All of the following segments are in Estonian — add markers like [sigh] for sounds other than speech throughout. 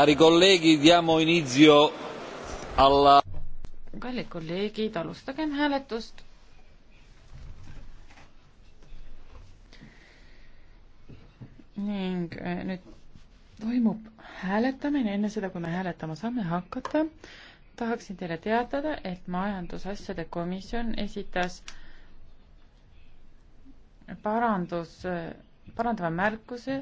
Cari colleghi, diamo inizio alla... kallid kolleegid, alustagem hääletust. ning äh, nüüd toimub hääletamine, enne seda, kui me hääletama saame hakata, tahaksin teile teatada, et Majandusasjade Komisjon esitas parandus, äh, parandava märkuse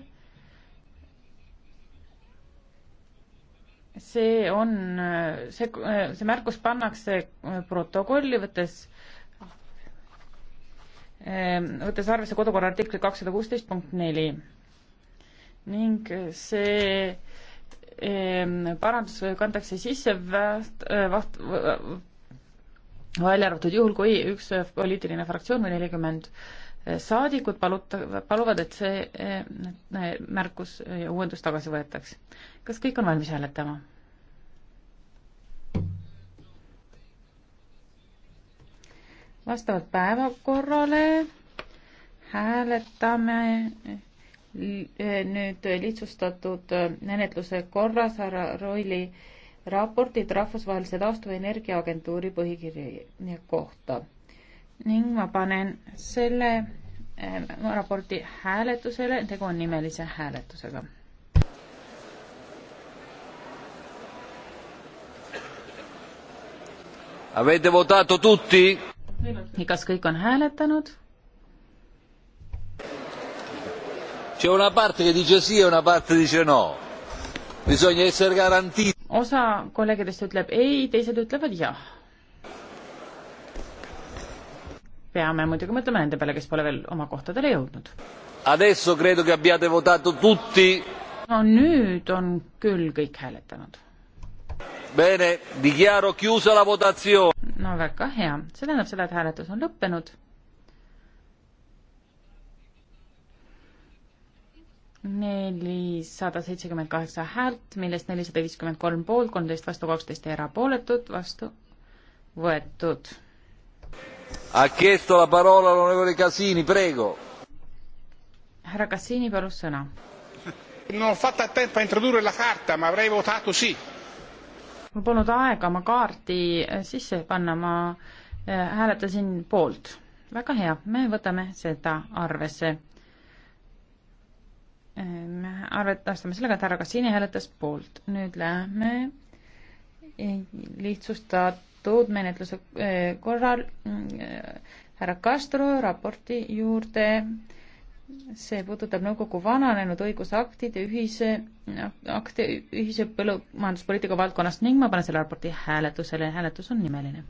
see on, see, see märkus pannakse protokolli, võttes, võttes arvesse kodukorra artikli kakssada kuusteist punkt neli. ning see ehm, parandus kantakse sisse väht-, vaht-, välja arvatud juhul, kui üks poliitiline fraktsioon või nelikümmend saadikud paluta, paluvad, et see ehm, märkus ja uuendus tagasi võetaks. kas kõik on valmis hääletama? vastavalt päevakorrale hääletame äh, nüüd lihtsustatud äh, menetluse korras härra Roili raportit Rahvusvahelise taastuvenergia agentuuri põhikirja kohta ning ma panen selle äh, raporti hääletusele, tegu on nimelise hääletusega Avete votato tutti? kas kõik on hääletanud? C'è una parte che dice sì e una parte dice no. Bisogna essere garantiti. Osa kolleegidest ütleb ei, teised ütlevad jah. peame muidugi mõtlema nende peale, kes pole veel oma kohtadele jõudnud. Adesso credo che abbiate votato tutti. no nüüd on küll kõik hääletanud. Bene, dichiaro chiusa la votazione no väga hea, see tähendab seda, et hääletus on lõppenud. nelisada seitsekümmend kaheksa häält, millest nelisada viiskümmend kolm poolt, kolmteist vastu, kaksteist erapooletut, vastu võetud. härra Cassini palus sõna. Non ho fatto a tempo a introdurre la carta, ma avrei votato sì mul polnud aega oma kaarti äh, sisse panna, ma äh, hääletasin poolt. väga hea, me võtame seda arvesse. Äh, me arvestame sellega, et härra Kassini hääletas poolt. nüüd läheme lihtsustatud menetluse korral mm, härra Castro raporti juurde see puudutab nõukogu vananenud õigusaktide ühise akte, ühise põllumajanduspoliitika valdkonnast ning ma panen selle raporti hääletusele ja hääletus on nimeline.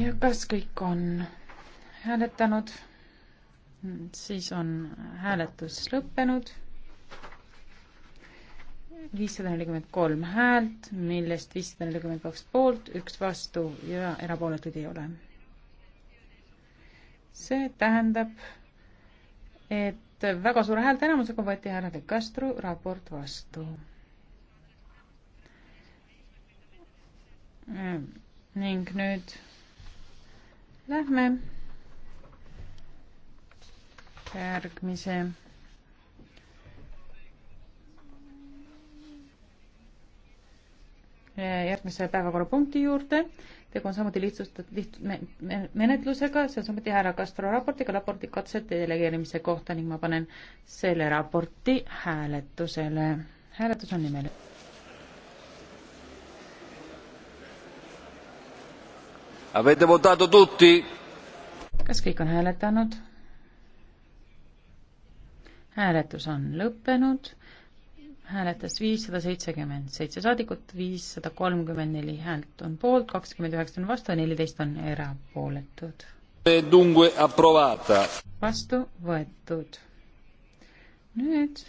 ja kas kõik on hääletanud? siis on hääletus lõppenud viissada nelikümmend kolm häält, millest viissada nelikümmend kaks poolt, üks vastu ja erapooletuid ei ole. see tähendab, et väga suure häälteenamusega võeti härra De Castro raport vastu. Ehm, ning nüüd lähme järgmise järgmise päevakorrapunkti juurde. tegu on samuti lihtsustatud liht- me,, menetlusega, see on samuti härra Castro raportiga raporti katsete delegeerimise kohta ning ma panen selle raporti hääletusele. hääletus on nimel. Avete votato tutti? kas kõik on hääletanud? hääletus on lõppenud hääletas viissada seitsekümmend seitse saadikut, viissada kolmkümmend neli häält on poolt, kakskümmend üheksa on vastu ja neliteist on erapooletud. E vastu võetud. nüüd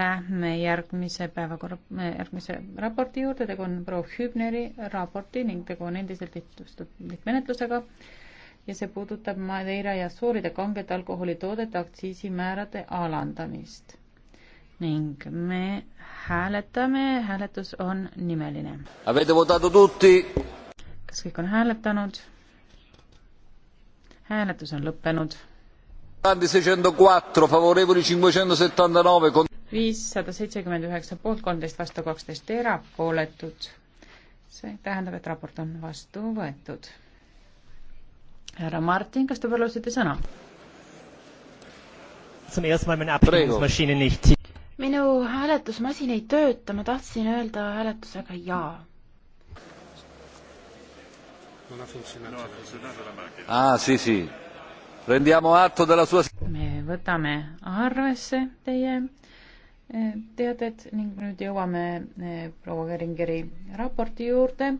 lähme järgmise päevakorra, järgmise raporti juurde, tegu on proua Hübneri raporti ning tegu on endiselt lihtmenetlusega ja see puudutab Madeira ja Suuride kangete alkoholitoodete aktsiisimäärade alandamist ning me hääletame, hääletus on nimeline. kas kõik on hääletanud? hääletus on lõppenud. viissada seitsekümmend üheksa poolt, kolmteist vastu, kaksteist erapooletut. see tähendab, et raport on vastu võetud. härra Martin, kas te palusite sõna? Zum ersten Mal meine Abstimmungsmaschine nicht minu hääletusmasin ei tööta, ma tahtsin öelda hääletusega jaa. Ah, me võtame arvesse teie eh, teadet ning nüüd jõuame eh, proua Keringeri raporti juurde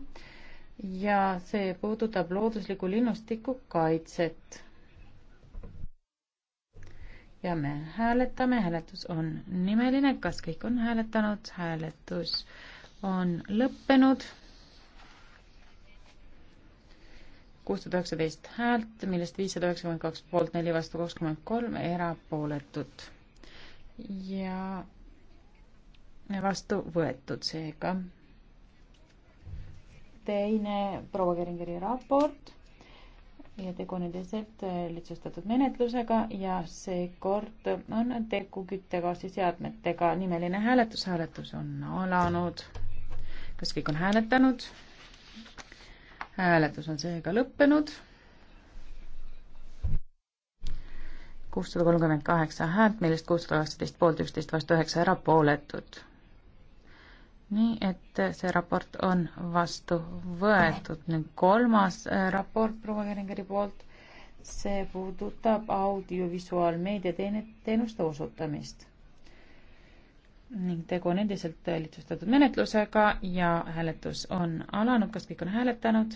ja see puudutab loodusliku linnustiku kaitset ja me hääletame, hääletus on nimeline, kas kõik on hääletanud, hääletus on lõppenud. kuussada üheksateist häält, millest viissada üheksakümmend kaks poolt, neli vastu kakskümmend kolm erapooletut. ja vastu võetud seega. teine proua Keringeri raport ja tegu on üldiselt äh, lihtsustatud menetlusega ja seekord on tegu küttegaasiseadmetega. nimeline hääletus, hääletus on alanud. kas kõik on hääletanud? hääletus on seega lõppenud. kuussada kolmkümmend kaheksa häält, millest kuussada kaheksateist poolt, üksteist vastu üheksa erapooletut nii et see raport on vastu võetud. nüüd kolmas äh, raport proua Keringeri poolt, see puudutab audiovisuaalmeedia teenuste osutamist. ning tegu on endiselt lihtsustatud menetlusega ja hääletus on alanud, kas kõik on hääletanud?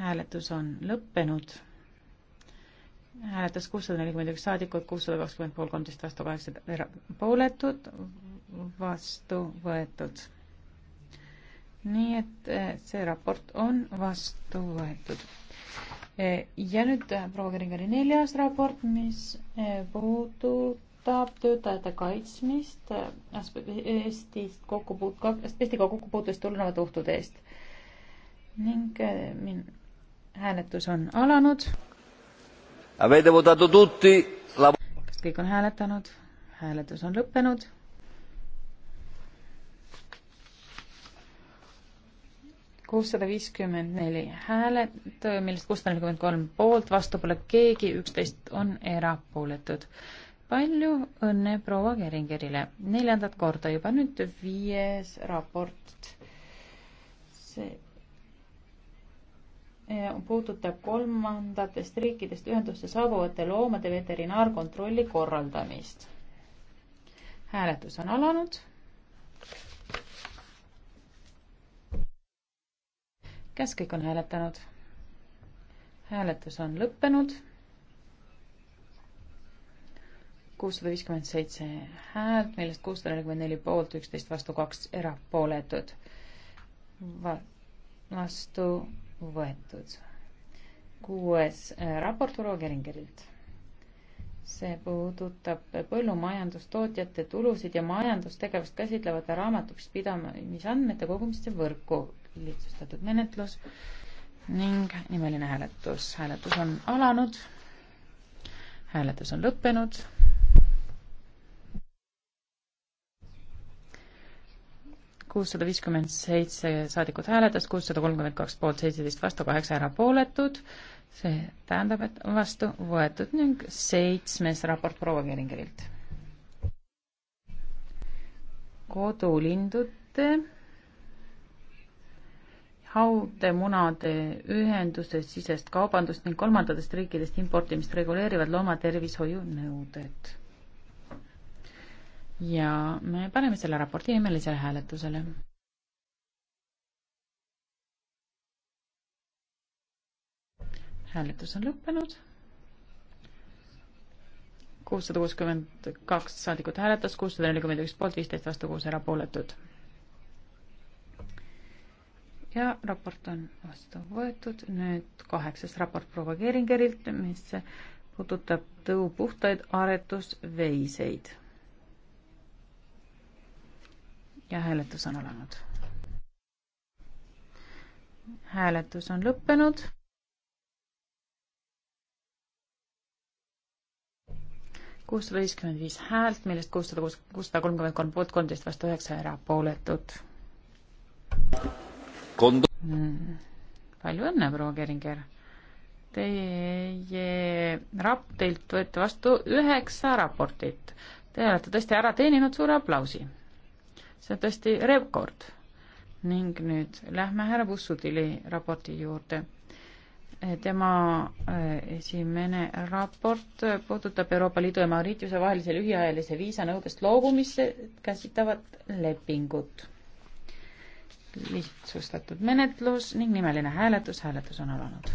hääletus on lõppenud hääletas kuussada nelikümmend üks saadikut, kuussada kakskümmend pool, kolmteist vastu, kaheksa erapooletut, vastu võetud. nii et eh, see raport on vastu võetud. Eh, ja nüüd eh, proua Keringeri neljas raport, mis puudutab töötajate kaitsmist Eestist kokkupuut-, Eestiga kokkupuutest tulenevate ohtude eest. ning min-, hääletus on alanud Avete votato tutti? La... kas kõik on hääletanud? hääletus on lõppenud. kuussada viiskümmend neli häälet, millest kuussada nelikümmend kolm poolt, vastu pole keegi, üksteist on erapooletud. palju õnne proua Keringerile, neljandat korda juba nüüd viies raport. see puudutab kolmandatest riikidest ühendusse saabuvate loomade veterinaarkontrolli korraldamist. hääletus on alanud. kas kõik on hääletanud? hääletus on lõppenud. kuussada viiskümmend seitse häält, millest kuussada nelikümmend neli poolt, üksteist vastu kaks erapooletut. vastu võetud. kuues äh, raport Uro Keringerilt. see puudutab põllumajandustootjate tulusid ja majandustegevust käsitlevate raamatupidamisandmete kogumist ja võrku lihtsustatud menetlus ning nimeline hääletus. hääletus on alanud. hääletus on lõppenud kuussada viiskümmend seitse saadikut hääletas, kuussada kolmkümmend kaks poolt, seitseteist vastu, kaheksa erapooletut. see tähendab, et vastu võetud ning seitsmes raport proua Keringerilt. kodulindude haudemunade ühendusest, sisest kaubandust ning kolmandatest riikidest importimist reguleerivad loomatervishoiu nõuded ja me paneme selle raporti nimelisele hääletusele. hääletus on lõppenud. kuussada kuuskümmend kaks saadikut hääletas, kuussada nelikümmend üks poolt, viisteist vastu, kuus erapooletut. ja raport on vastu võetud, nüüd kaheksas raport proua Keringerilt, mis puudutab tõupuhtaid aretusveiseid ja hääletus on alanud. hääletus on lõppenud. kuussada viiskümmend viis häält, millest kuussada kuus, kuussada kolmkümmend kolm poolt, kolmteist vastu üheksa erapooletut. Mm, palju õnne, proua Keringer teie rap-, teilt võeti vastu üheksa raportit. Te olete tõesti ära teeninud suure aplausi see on tõesti rekord. ning nüüd lähme härra Bussutili raporti juurde. tema eh, esimene raport puudutab Euroopa Liidu ja Mauritiuse vahelise lühiajalise viisanõudest loobumist käsitlevat lepingut. lihtsustatud menetlus ning nimeline hääletus, hääletus on alanud.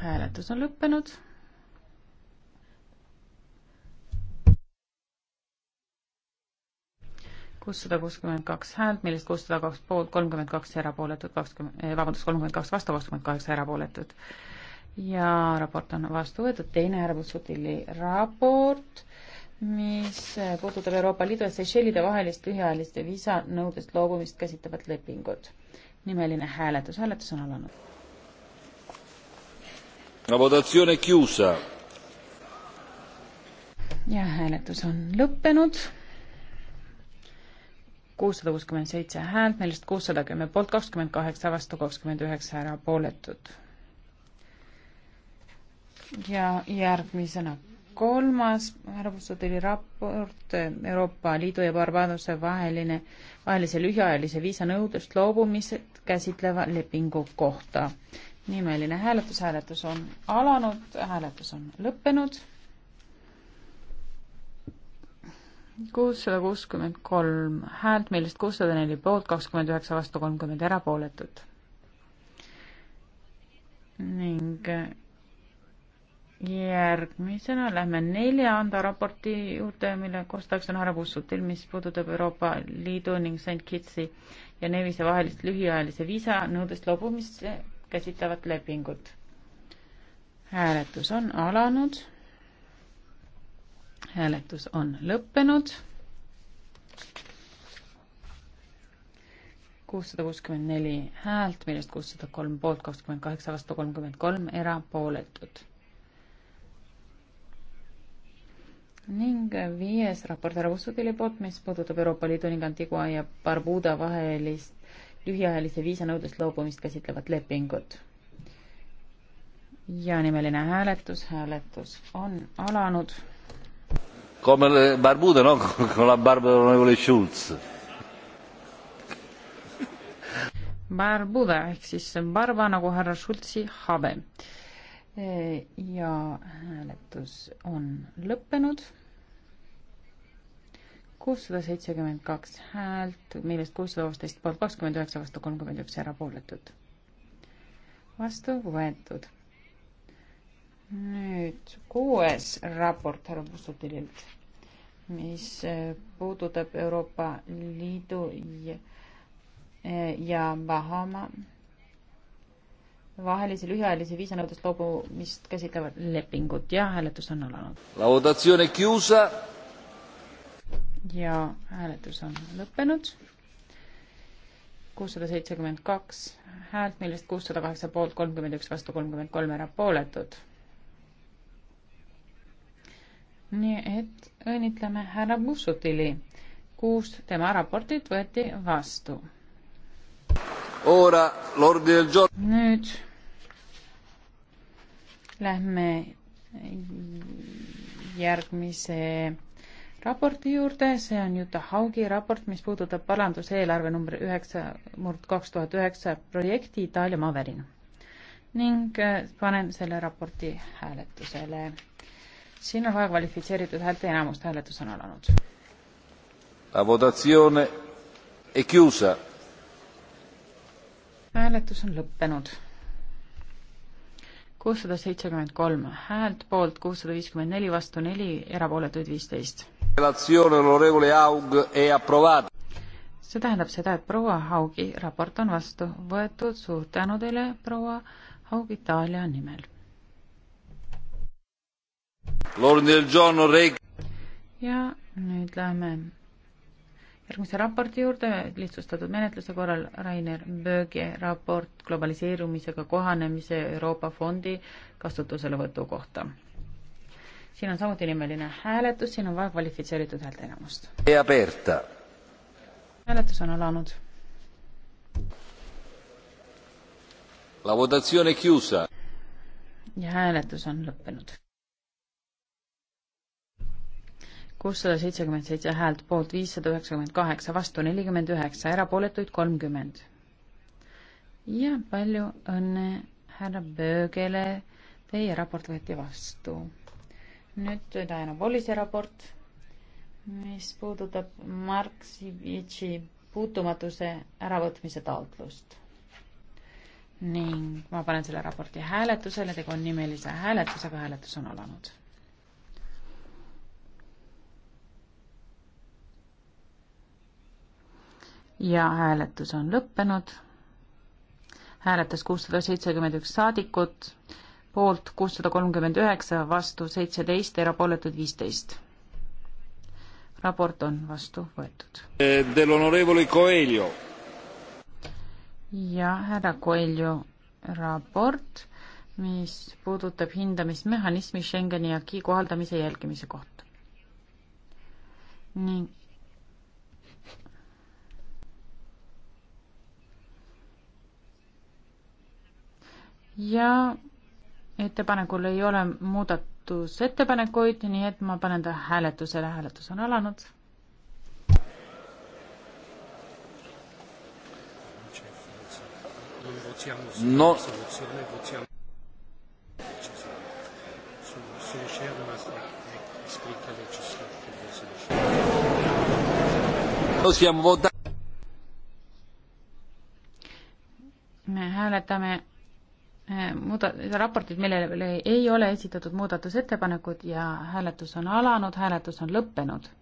hääletus on lõppenud kuussada kuuskümmend kaks häält, millest kuussada kaks poolt, kolmkümmend kaks erapooletut, kakskümmend, eh, vabandust, kolmkümmend kaks vastu, kakskümmend kaheksa erapooletut. ja raport on vastu võetud, teine härra Butsutilli raport, mis eh, puudutab Euroopa Liidu ja Seychellide vahelist lühiajaliste viisanõudest loobumist käsitlevat lepingut. nimeline hääletus, hääletus on alanud. ja hääletus on lõppenud kuussada kuuskümmend seitse häält, millest kuussada kümme poolt, kakskümmend kaheksa vastu, kakskümmend üheksa erapooletut. ja järgmisena kolmas rahvusvaheline raport Euroopa Liidu ja Barbadose vaheline, vahelise lühiajalise viisanõudest loobumised käsitleva lepingu kohta. nimeline hääletus, hääletus on alanud, hääletus on lõppenud kuussada kuuskümmend kolm häält, millest kuussada neli poolt, kakskümmend üheksa vastu, kolmkümmend erapooletut. ning äh, järgmisena lähme neljanda raporti juurde, mille koostajaks on härra Pussutil, mis puudutab Euroopa Liidu ning St Kitsi ja Nevise vahelist lühiajalise viisa nõudest loobumist käsitlevat lepingut. hääletus on alanud hääletus on lõppenud. kuussada kuuskümmend neli häält, millest kuussada kolm poolt, kakskümmend kaheksa vastu, kolmkümmend kolm erapooletut. ning viies raport härra Vussutili poolt, mis puudutab Euroopa Liidu ning Antigua ja Barbuda vahelist lühiajalise viisanõudest loobumist käsitlevat lepingut. ja nimeline hääletus, hääletus on alanud come barbuto no [laughs] con la barba dell'onorevole Schulz barbuda ehk siis barba nagu härra Schulzi habe eh, ja hääletus on lõppenud kuussada seitsekümmend kaks häält, millest kuussada kaksteist poolt kakskümmend üheksa vastu kolmkümmend üks erapooletud. vastu võetud. nüüd kuues raport härra Pustutililt mis äh, puudutab Euroopa Liidu äh, ja Bahama vahelise lühiajalise viisanõudest loobumist käsitlevat lepingut ja hääletus on alanud. ja hääletus on lõppenud. kuussada seitsekümmend kaks häält, millest kuussada kaheksa poolt, kolmkümmend üks vastu, kolmkümmend kolm erapooletut nii et õnnitleme härra Bussutili, kus tema raportid võeti vastu. nüüd lähme järgmise raporti juurde, see on Juta Haugi raport, mis puudutab parlanduseelarve number üheksa murd kaks tuhat üheksa projekti Itaalia maavärin ning panen selle raporti hääletusele siin on vaja kvalifitseeritud häälte enamust, hääletus on alanud. La votazione è chiusa. hääletus on lõppenud. kuussada seitsekümmend kolm häält poolt, kuussada viiskümmend neli vastu neli, erapooletuid viisteist. see tähendab seda, et proua Haugi raport on vastu võetud, suur tänu teile, proua Haug Itaalia nimel ja nüüd läheme järgmise raporti juurde, lihtsustatud menetluse korral Rainer Böögi raport globaliseerumisega kohanemise Euroopa Fondi kasutuselevõtu kohta. siin on samuti nimeline hääletus, siin on vaja kvalifitseeritud häälteenamust. E hääletus on alanud. ja hääletus on lõppenud kuussada seitsekümmend seitse häält, poolt viissada üheksakümmend kaheksa, vastu nelikümmend üheksa, erapooletuid kolmkümmend. ja palju õnne härra Böögele, teie raport võeti vastu. nüüd Diana Wallise raport, mis puudutab Mark Sivitši puutumatuse äravõtmise taotlust. ning ma panen selle raporti hääletusele, tegu on nimelise hääletusega, hääletus on alanud ja hääletus on lõppenud. hääletas kuussada seitsekümmend üks saadikut, poolt kuussada kolmkümmend üheksa, vastu seitseteist, erapooletud viisteist. raport on vastu võetud. Eh, del onorevole Coelho. ja härra Coelho raport, mis puudutab hindamismehhanismi Schengeni aki kohaldamise jälgimise kohta. ning ja ettepanekul ei ole muudatusettepanekuid, nii et ma panen ta hääletusele, hääletus on alanud. no me hääletame muuda-, raportit, millele ei ole esitatud muudatusettepanekud ja hääletus on alanud, hääletus on lõppenud